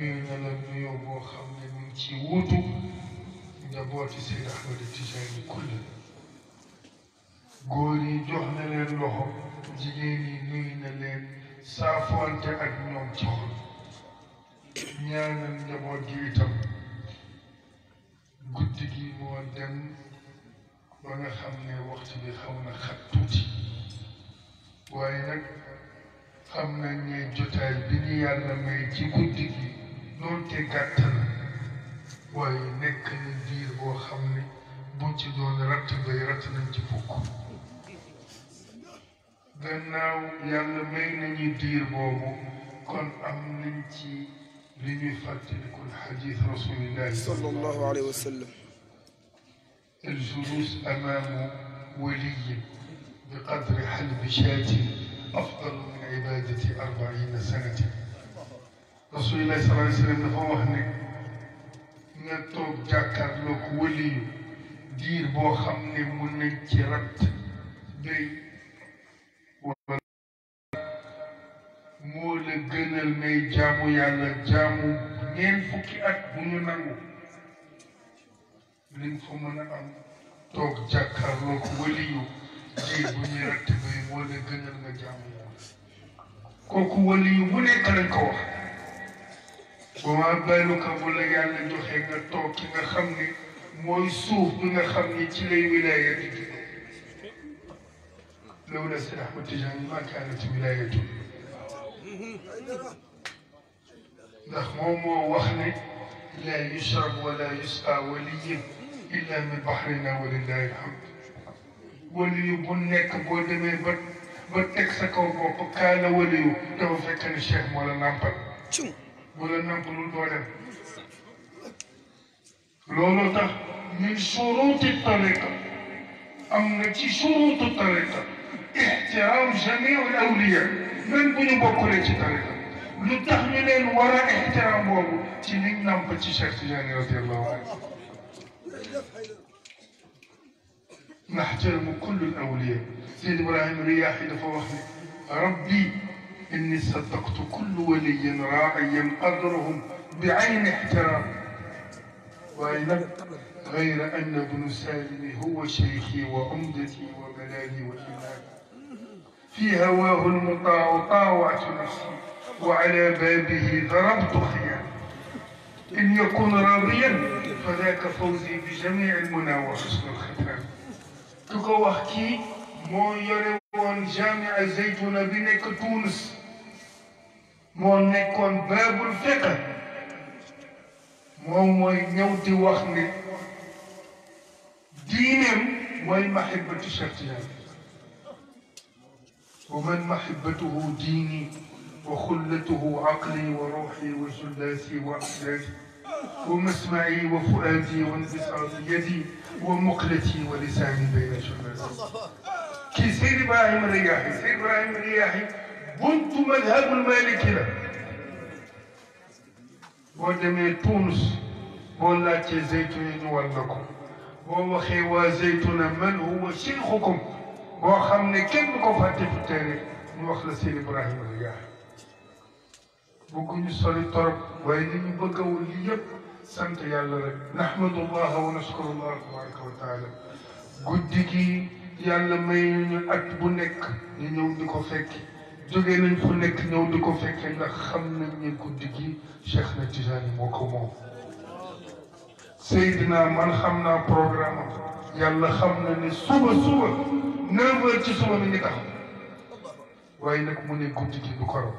يلم يوبو خمنا من تيوتو نبوتي سيد أحمد التجاني كله غوري جوحنا لين لهم جيجيني نوينا لين سافوان تأك نوم تخل نيانا نبوت جيتم قدقي مودم وانا خمنا وقت بخونا خطوتي وينك خمنا نيجوتاي بني يالا ميتي قدقي doonte gàtt na waaye nekk na diir boo xam ne buñ ci doon ratt bay ratt nañ ci fukk gannaaw yàlla may nañu diir boobu kon am nañ ci li ñuy fàttalikul xadis rasulillahi sallallahu alayhi wa sallam الجلوس أمام ولي بقدر حلب شاة أفضل من عبادة أربعين سنة rasulullah sallallahu alayhi wa sallam dafa wax ne nga toog jàkkaarloo wëliyu diir boo xam ne mun nañ ci moo la gënal ngay jaamu yàlla jaamu ñeent fukki at bu ñu nangu liñ fa mën a am toog jàkkaarloo wëliyu diir bu ñuy rat béy moo la gënal nga jaamu yàlla kooku wëliyu mu nekk lañ ko wax waaw baylu ka bu la yàlla joxe nga toog ki nga xam ni mooy suuf bi nga xam ni ci lay wilaaya lawla Seydi Ahmad Tijaani maa kaanat wilaayatu ndax moom moo wax ne laa yushrab wala yusqa waliyyin illa min bahrinaa walillaahi alhamd waliyu bu nekk boo demee ba ba teg sa kaw bopp kaala waliyu dafa fekk ne cheikh moo la nàmpal boo leen nangulul doo dem loolu tax min suruuti tariqa am na ci suruutu tariqa ixtiraam jamii al awliya même bu ñu bokkulee ci tariqa lu tax ñu leen war a ixtiraam boobu ci liñ namp ci Cheikh Tidiane radiyallahu anhu naxtarimu kullu al awliya Seydi Ibrahima Riyaahi dafa wax ne rabbi إني صدقت كل ولي راعي قدرهم بعين احترام وإن غير أن ابن سالم هو شيخي وعمدتي وملاذي وإمامي في هواه المطاع طاوعت نفسي وعلى بابه ضربت خيام إن يكون راضيا فذاك فوزي بجميع المنى وحسن الختام تقوى أحكي مو يروان جامع زيتون بنك تونس مون نيكون بابو الفقه مون موي نيوتي واخني دينم موي ومن محبته ديني وخلته عقلي وروحي وجلاسي وأحلاسي ومسمعي وفؤادي وانبساط يدي ومقلتي ولساني بين شماسي كي سير ابراهيم الرياحي سير ابراهيم الرياحي بنت مذهب المالكية ودمي تونس ولا زيتون ولكم ووخي وزيتون من هو شيخكم وخمني كم كفتي في التاريخ نوخل سيد إبراهيم الرياح بكون يصلي طرب وإنني بقوا لي سنت يا rek nahmadullah wa naskurullah tabaraka wa taala guddi gi yàlla may ñu at bu jógee nañ fu nekk ñëw di ko fekkee ndax xam nañ ne guddi gi Cheikh na Tijaani moo ko moom Seydina man xam naa programme am yàlla xam na ne suba suba neuf heures ci suba mi ngi tax waaye nag mu ne guddi gi du ko raw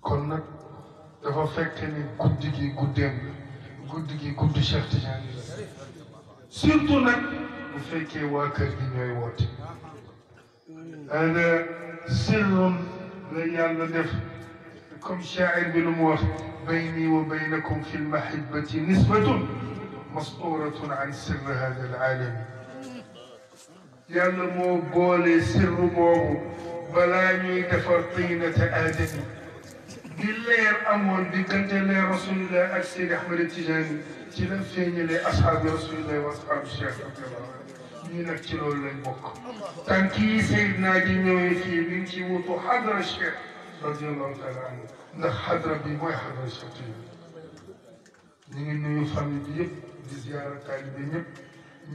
kon nag dafa fekk ne guddi gi guddeem guddi gi Tijaani la surtout nag bu fekkee waa kër gi ñooy woote هذا سر لا يالا ديف كم شاعر بالموت بيني وبينكم في المحبة نسبة مسطورة عن سر هذا العالم يالا مو بولي سر موبو balaa ñuy defar tiinata aadami di leer amoon diggante leer rasulillah ak Seydi Ahmed Tijaani ci la feeñalee ashaabi rasulillah wa ashaabi cheikh ñu nag ci loolu lañ bokk tànk yi Seydina ji ñëwee fii mi ngi ci wutu xadra Cheikh radiallahu taala anhu ndax xadra bi mooy xadra Cheikh ñu ngi nuyu famille bi ziara taalibe ñëpp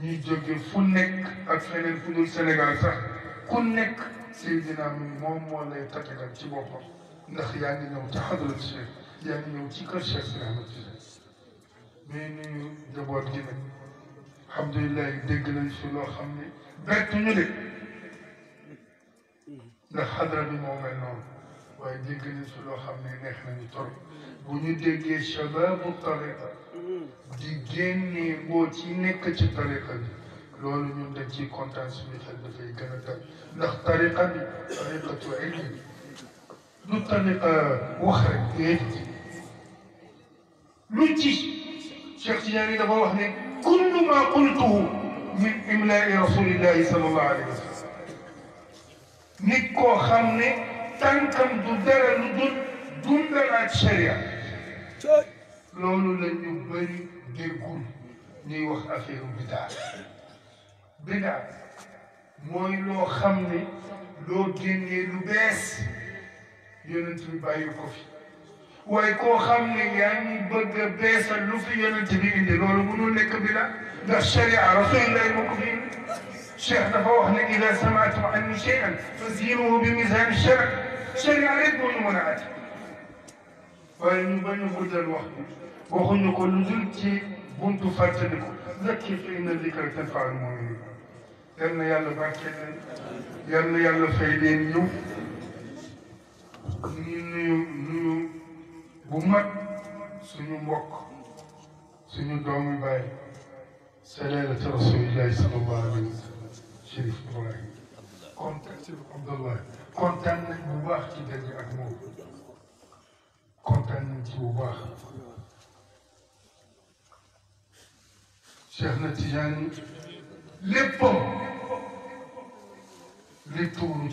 ñuy jóge fu nekk ak feneen fu dul Sénégal sax ku nekk Seydina mi moom moo lay tatagal ci boppam ndax yaa ngi ñëw ci xadra Cheikh yaa ngi ci kër Cheikh Ibrahima Niass mais nuyu njaboot gi alhamdulilah dégg nañ si loo xam ni bett ñu de ndax xadra bi moo mel noonu waaye dégg nañ si loo xam ne neex nañu trop bu ñu déggee shababu tariqa di génnee mbóot yi nekk ci tariqa bi loolu ñun dañ ciy kontaan suñu xel dafay gën a dal ndax tariqa bi tariqatu ilmi du tariqa wax rek déedéet lu ci شيخ جياني دابا واحد كل ما قلته من املاء رسول الله صلى الله عليه وسلم نيكو خامني تانكم دودر لودر دوندر هاد الشريعة لولو لن يبري ديكول ني واخ افيرو بدعة بدعة موي لو خامني لو جيني لو بيس يونتو بايو كوفي waaye koo xam ne yaa ngi bëgg a beesal lu fi yonent bi indi loolu mënul nekk bi la ndax sharia rasulillahi moo ko fi cheikh dafa wax ne ida samaatum anni cheyan fazinuhu bi misaan shara sharia rek moo ñu mën a at waaye ñu bañ a guddal wax bi waxuñu ko lu dul ci buntu fàttaliku zakki fa inna zikra tanfaul muminin yal na yàlla barkeel leen yal na yàlla fay leen ñu ñu nuyu nuyu bu mat suñu mbokk suñu doomi baay salaatu rasulillahi sallallahu alayhi wa sallam Chérif Ibrahim kontaan Chérif Abdoulaye kontaan nañ bu baax ci daje ak moom kontaan nañ ci bu baax Cheikh na Tijaani léppam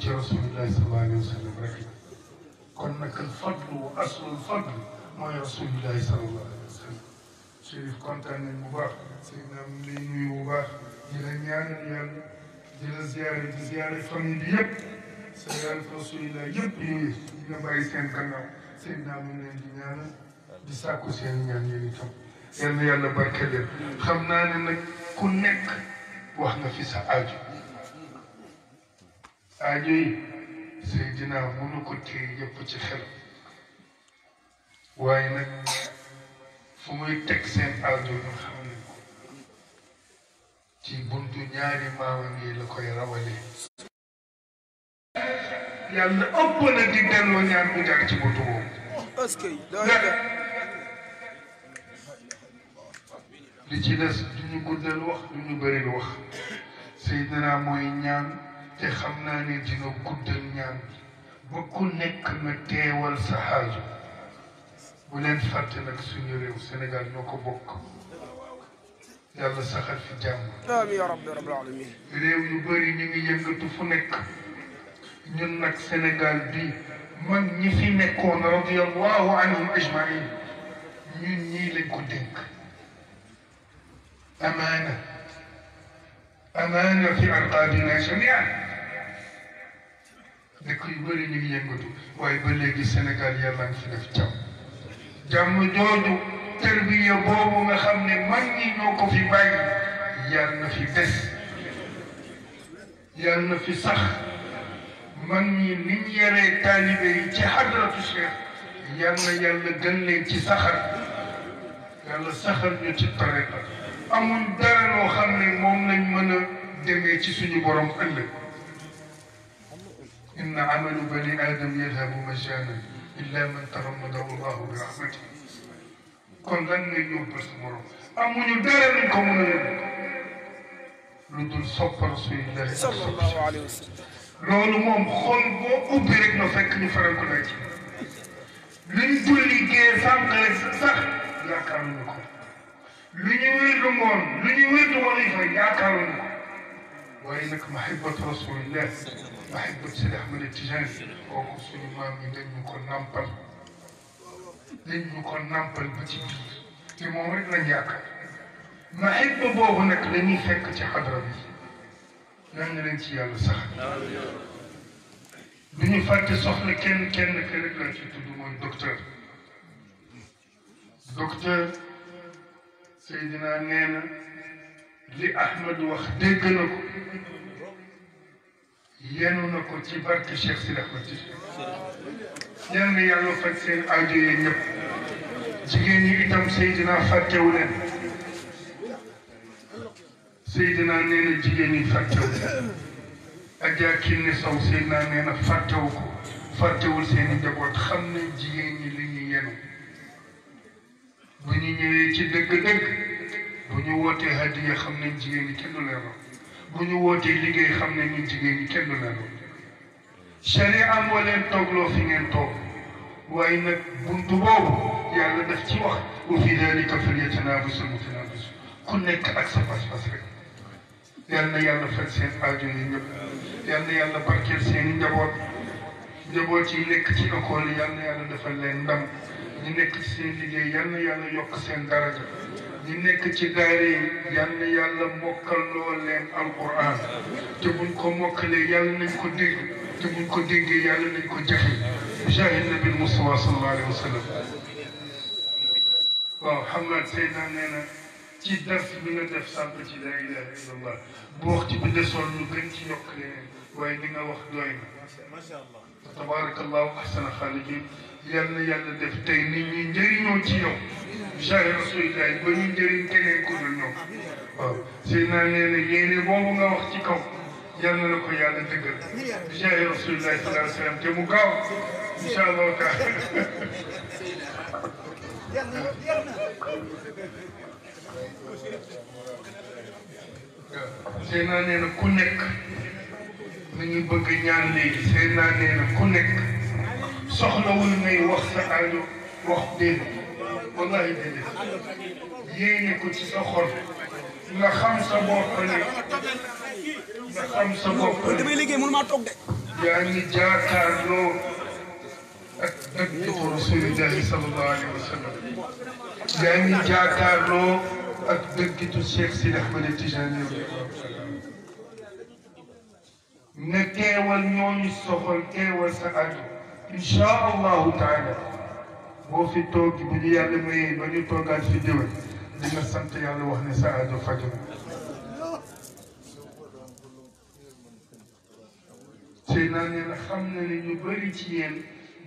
ci rasulillahi sallallahu alayhi wa sallam rek انك الفضل واصل الفضل ما رسول الله صلى الله عليه وسلم شريف كونتان المباح سيدنا مليم المباح ديال نيان ديال ديال زيارة زيارة فمي بيك سيدنا رسول الله يب بيه ديال باي سيدنا كنو سيدنا مليم ديال بساكو سيدنا نيان ديال نيان يلا يلا بارك الله خمنا انك كنك واحنا في سعاجي سعاجي Seydina mënu ko téye yëpp ci xelam waaye nag fu muy teg seen aajo ci buntu ñaari maamam yi la koy rawalee. yàlla ëpp na di delloo ñaan bu jaar ci buntu li ci des du ñu wax du ñu wax Seydina mooy ñaan. te xam naa ne dina guddal ñaan ba ku nekk na teewal sa xaaju bu leen fàtte nag suñu réew Sénégal ñoo ko bokk yàlla saxal fi jàmm amiin ya rabbi rabbil alamin réew yu bëri ñu ngi yëngatu fu nekk ñun nag Sénégal bi man ñi fi nekkoon radiyallahu anhum ajmain ñun ñii lañ ko dénk amaana amaana fi arqaabina jamiian dëkk yu bëri ñu ngi yëngatu waaye ba léegi Sénégal yàlla ngi fi def jàmm jàmm jooju tarbiya boobu nga xam ne mag ñi ñoo ko fi bàyyi yàlla na fi des yàlla na fi sax mag ñi niñ yaree taalibe yi ci hadratu Cheikh yàlla na yàlla gën leen ci saxal yàlla saxal ñu ci tariqa amul dara loo xam ne moom lañ mën a demee ci suñu borom ëllëg إن عمل بني آدم يذهب مجانا إلا من تغمده الله برحمته قل لن يبرس مرو أمون يبدأ منكم لدل رسول الله صلى الله عليه وسلم لولو موم خلبو أبريك نفك نفرق لك لن تولي كي فانك لسخ لا كارونكم لن يويد مون لن يويد مون يفا يا كارونكم وإنك محبة رسول الله صلى الله عليه وسلم بحب سيد احمد التجاني kooku suñu maam yi dañ ñu ko nampal dañ ñu ko nampal ba ci biir te moom rek lañ yaakaar maxibba boobu nag la ñuy fekk ci xadra bi nan nga leen ci yàlla sax du ñu fàtte soxla kenn kenn ke rek laa ci tudd mooy docteur docteur Seydina nee na li Ahmed wax dégg na ko yenu na ko ci barke Cheikh Sidi Ahmed Tidiane ñaan na faj seen aajo yi ñëpp jigéen itam Seydina fàttewu leen Seydina na jigéen ñi fàttewu leen Adja Sow Seydina na fàttewu ko fàttewul seen i njaboot xam nañ jigéen ñi li ñu yenu bu ci dëgg-dëgg bu ñu wootee hadiya xam ne jigéen ñi kenn bu ñu wootee liggéey xam ne ñun jigéen ñi kenn du la lool sharia moo leen toogloo fi ngeen toog waaye nag buntu boobu yàlla daf ci wax wa fi dalika falyatanaafasil mutanaafisun ku nekk ak sa pas-pas rek yal na yàlla faj seen aajo yi ñëpp yal na yàlla barkeel seen i njaboot njaboot yi nekk ci école yi na yàlla defal leen ndam ñu nekk ci seen liggéey yal na yokk seen daraja ñi nekk ci daayira yi yal na yàlla mokkal loo leen alquran te buñ ko mokkalee yàlla nañ ko dégg te buñ ko déggee yàlla nañ ko jafe jahid nabi Mustafa sallallahu alayhi wa sallam waaw xam naa tey naa nee na ci dars bi nga def sàmp ci laa ilaha illallah bu waxtu bi desoon lu gën ci yokk leneen waaye li nga wax doy na fa tabarakallahu ahsana xaaliqin yal na yàlla def tey nit ñi njëriñoo ci yow jaay rasulillahi ba ñu njëriñ keneen ku dul ñoom waaw sëy naa nee na yéene boobu nga wax ci kaw yal na la ko yàlla dëggal jaay rasulillahi sallallahu alayhi wa sallam te mu gaaw incha ku nekk nañu bëgg ñaan léegi seen naa nee na ku nekk soxlawul ngay wax sa aajo wax dégg wallahi dégg yéene ko ci sa xol nga xam sa bopp ne nga xam sa bopp ne yaa ngi jaakaarloo ak dëgg rasulillahi sallallahu alayhi wa sallam yaa ngi jaakaarloo ak dëggitu Cheikh Sidi Ahmed Tijani na teewal ñooñu soxal teewal sa aju incha allahu taala boo fi toogi bu ñu yàlla mayee ba ñu toogaat fi déwén dina sant yàlla wax ne sa aju faju tey naa ne la xam na ne ñu bëri ci yéen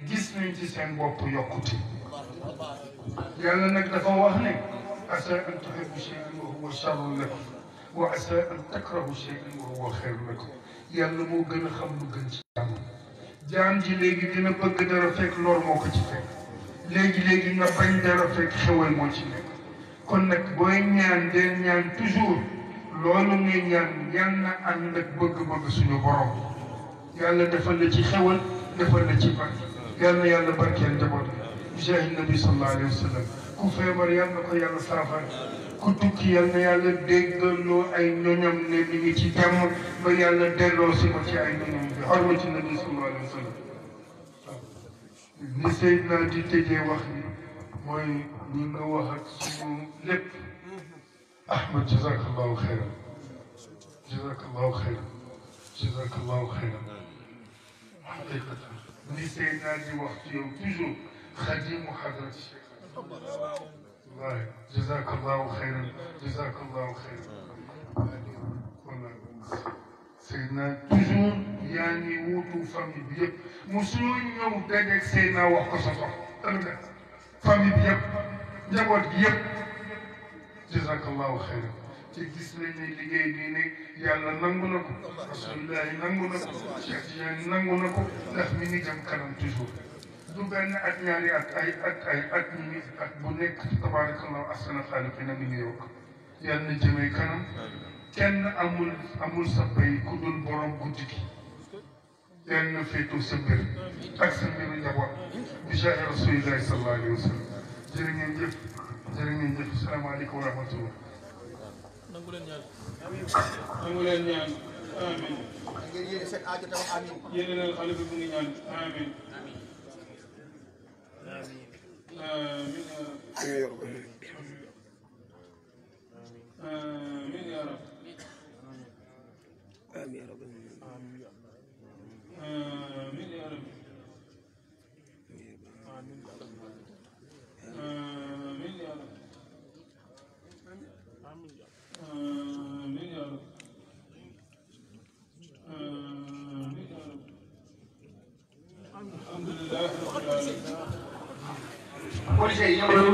gis nañ ci seen bopp yokkute yàlla nag dafa wax ne asa an tuhibbu shay'an wa huwa sharrun lakum wa asa an takrahu shay'an wa huwa khayrun lakum yàlla moo gën a xam lu gën ci jàmm jaam ji léegi dina bëgg dara fekk lor moo ko ci fekk léegi léegi nga bañ dara fekk xewal moo ci nekk kon nag booy ñaan deel ñaan toujours loolu ngay ñaan ñaan na ànd ak bëgg-bëgg suñu borom yàlla defal la ci xewal defal la ci barke yàlla yàlla barkeel njaboot bi jaay nabi sallallahu alayhi wa sallam ku feebar yàlla ko yàlla saafara ku tukki yal na yàlla déggaloo ay ñoñam ne mi ngi ci jàmm ba yàlla delloo si ma ci ay ñoñam bi xorma ci nabi sallallahu alayhi wa sallam li Seydina di tëjee wax ni mooy ñi nga wax ak suñu lépp ahmad jazakallahu xeyran jazakallahu xeyran jazakallahu xeyran xaqiqatan li Seydina di wax ci yow toujours xadimu xadrati طيب، جزاك الله خيرا جزاك الله خيرا يعني سيدنا توجور يعني ووتو فامي بيب مسلم يو دادك سيدنا وقصصه ابدا بيب نبوت بيب جزاك الله خيرا ci gis لي ne liggéey bii ne yàlla nangu na ko rasulillahi du benn ak ñaari at bu nekk tabaarakallahu ahsana xaaliqiina mi ngi yokk yal na jëmee kanam kenn amul amul sa bay guddi gi yal na ak sa mbiru njaboot bi rasulillahi sallallahu alayhi wa آمين آمين يا رب آمين يا رب آمين Gracias.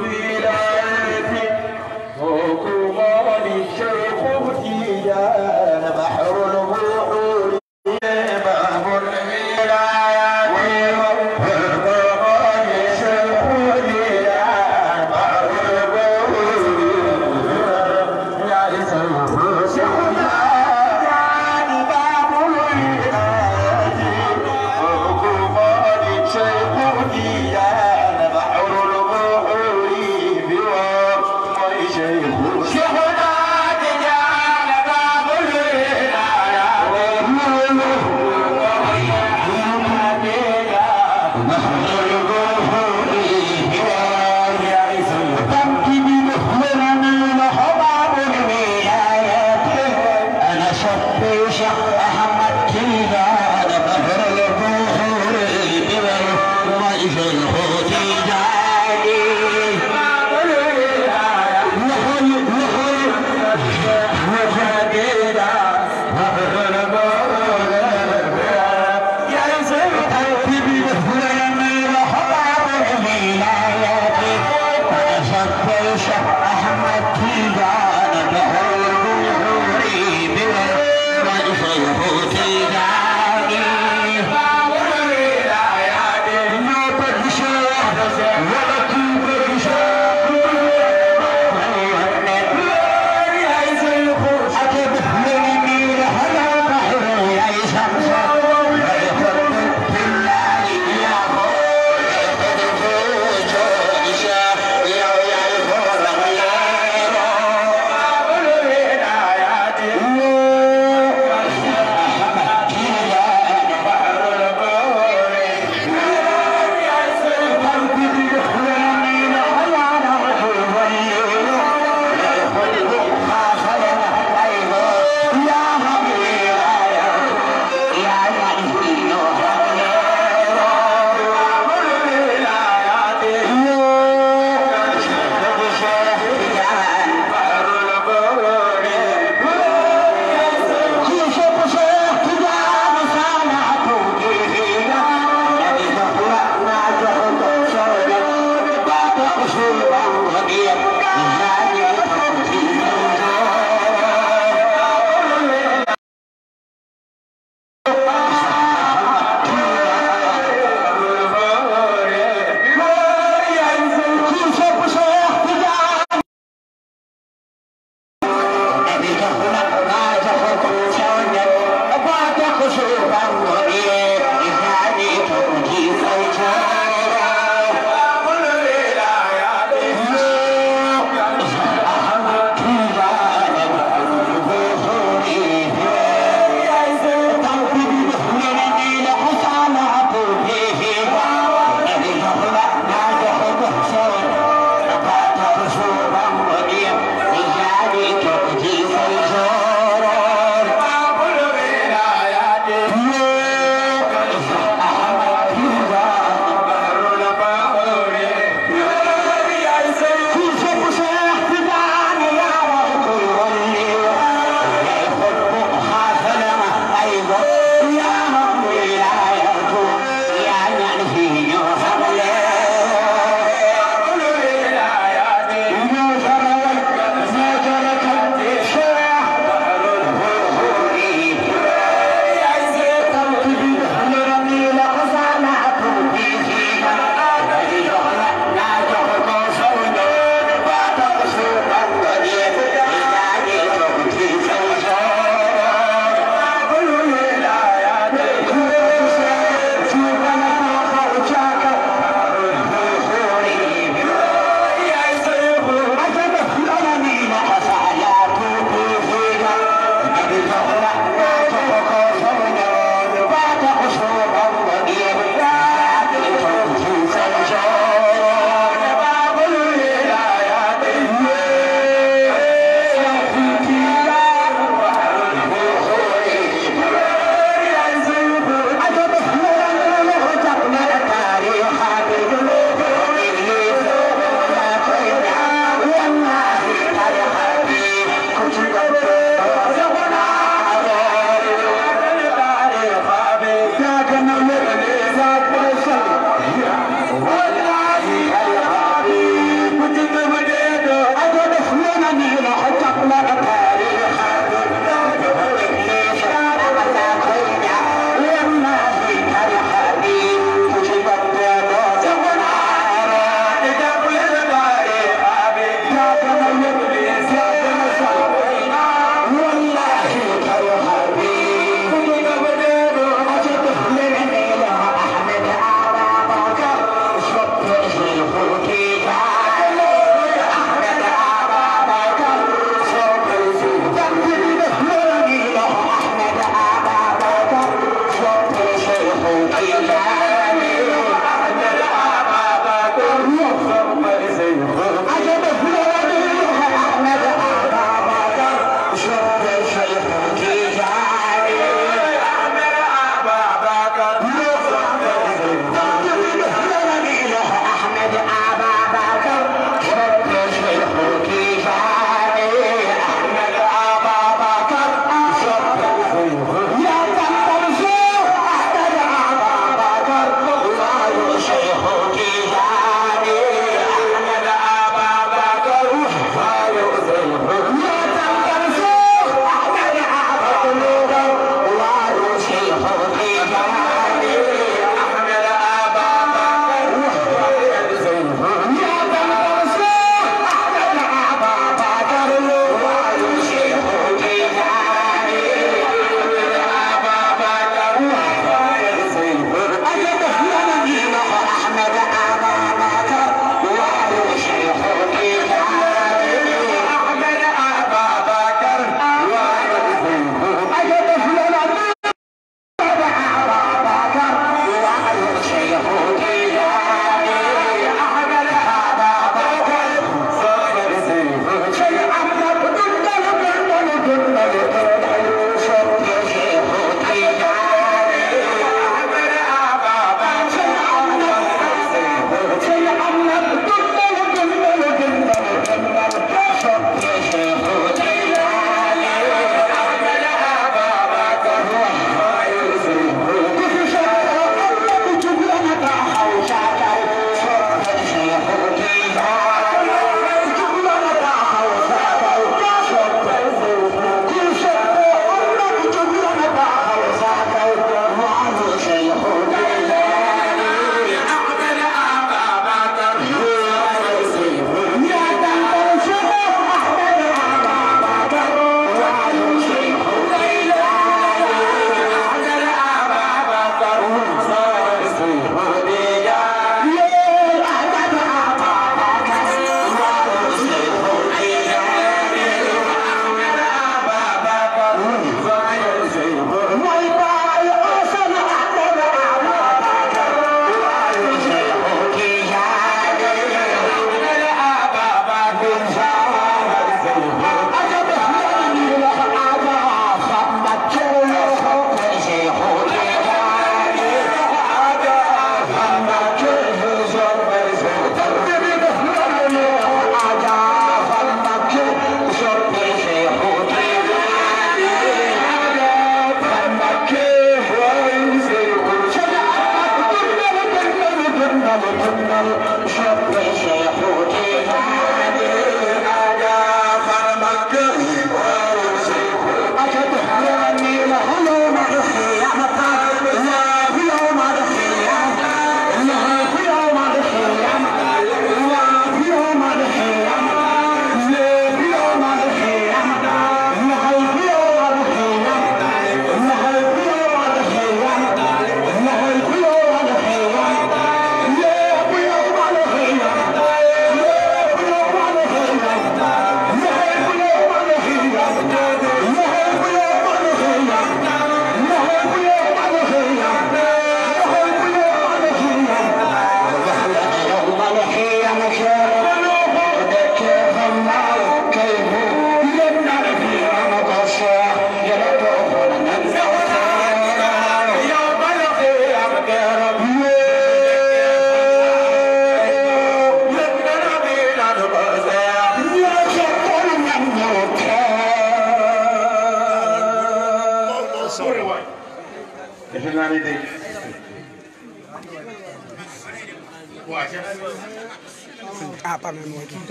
I'm a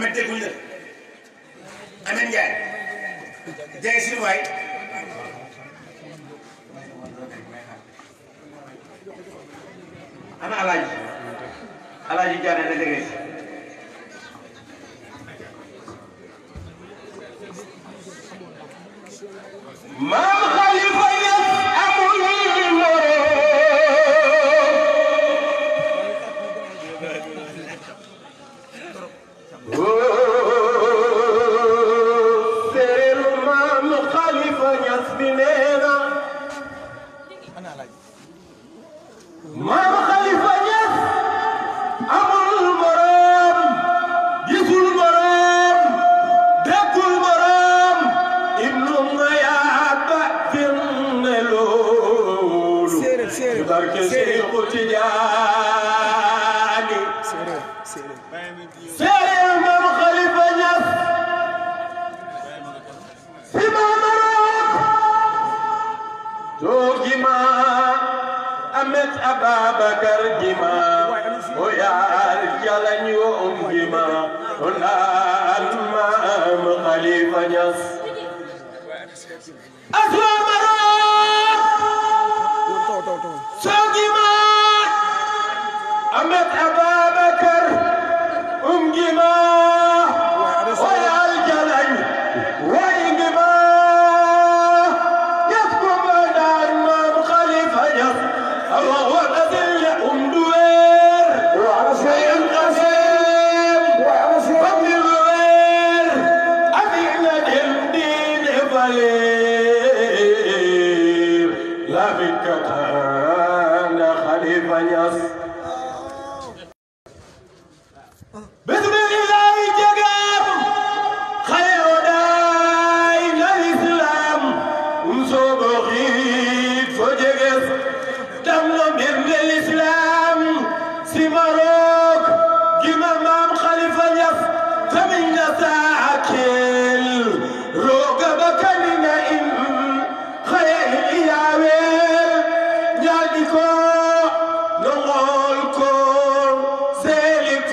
Ameth dégguñu la Ameth Ndiaye jaay suñu waay ana alaaji alaaji jaane na jege maam xali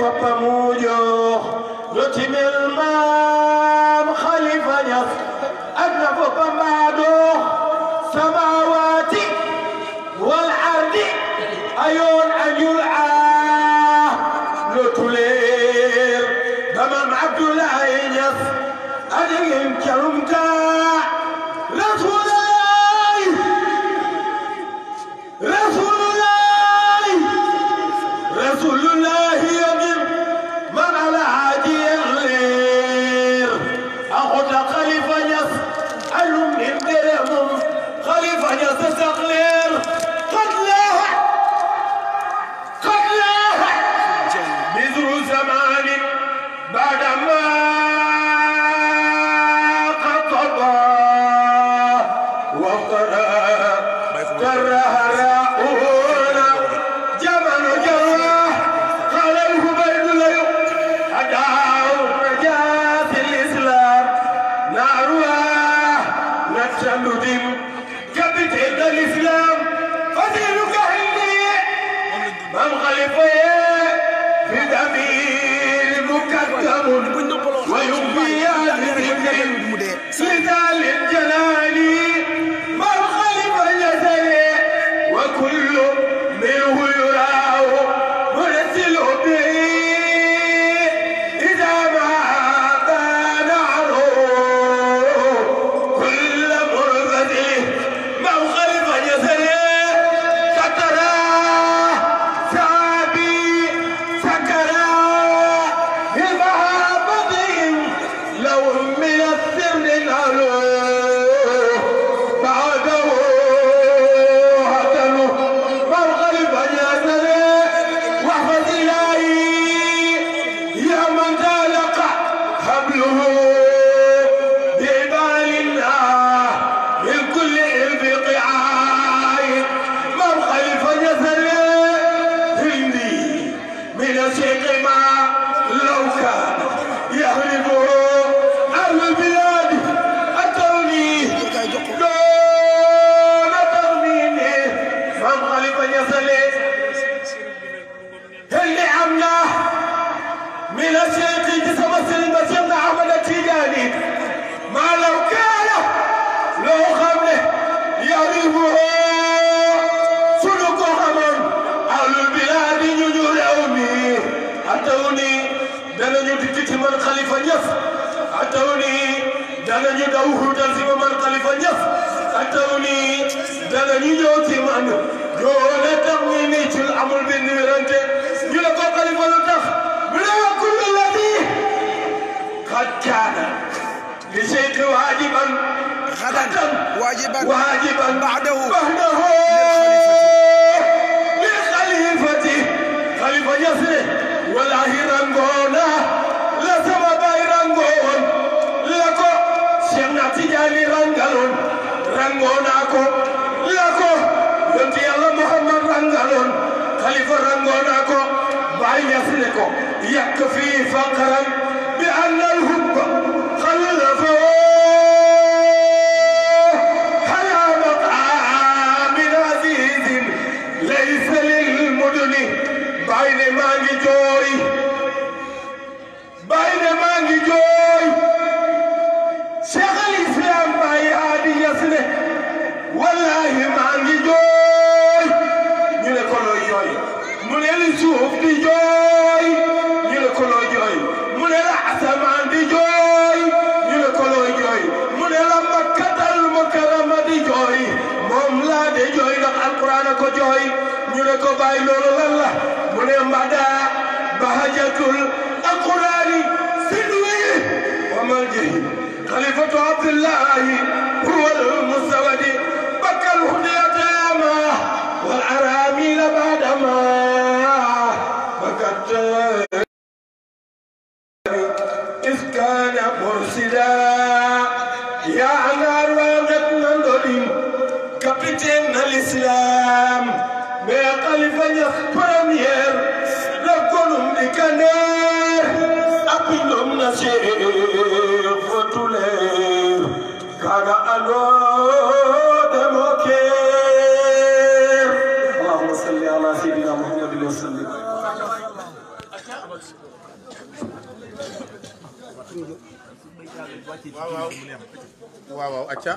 boppam mu jox lu ci mel dañuy ñëw ci man yow la ci amul bi ni werante ñu ko xalifa tax mu ne wa kullu ladi qad kaana li la sama baay rangoon la ko Cheikh na Tijaani rangaloon ko naa ko yonti yàlla Muhammad rangaloon xalifa rangoon naa ko bàyyi ñas ne ko yàq fii faqaran bi annal hum ko jooy ñu ne ko bàyyi loolu lan la mu ne mbada bahajatul alqurani sidwi wa maljihi xalifatu abdillahi huwal musawadi bakkal hudiyatama wal aramila badama waaw waaw waaw acca